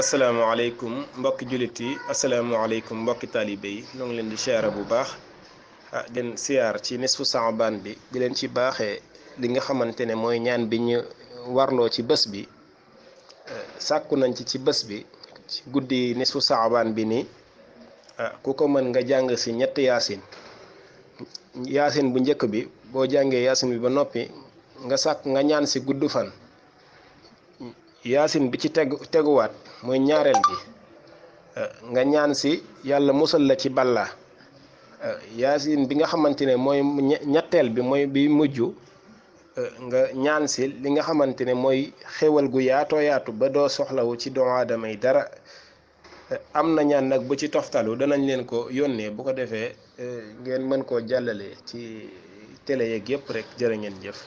asalaamaaleykum mbokki jullit yi asalaamaaleykum mbokki taalibe yi ñoo leen di siyaara bu baax ah siyaar ci nisfu saabaan bi di leen ci baaxee li nga xamante ne mooy ñaan bi ñu warloo ci bés bi sàkku nañ ci ci bës bi ci guddi nisfu saabaan bi nii ah, ku ko mën nga jàng ci ñett yaasin yaasin bu njëkk bi boo jàngee yaasin bi ba noppi nga sàkk nga ñaan si gudd fan yaasin bi ci tegu teguwaat mooy ñaareel bi eh, nga ñaan si yàlla musal la ci balaa eh, yaasin bi nga xamante ne mooy ñetteel bi mooy bi mujj eh, nga ñaan si li nga xamante ne mooy xéwal gu yaatoo yaatu ba doo soxlawu ci doomu aadama yi dara am na ñaan nag bu ci toftalu danañ leen ko yónnee bu ko defee ngeen mën koo jàllale ci télé yeeg yëpp rek jërë ngeen jëf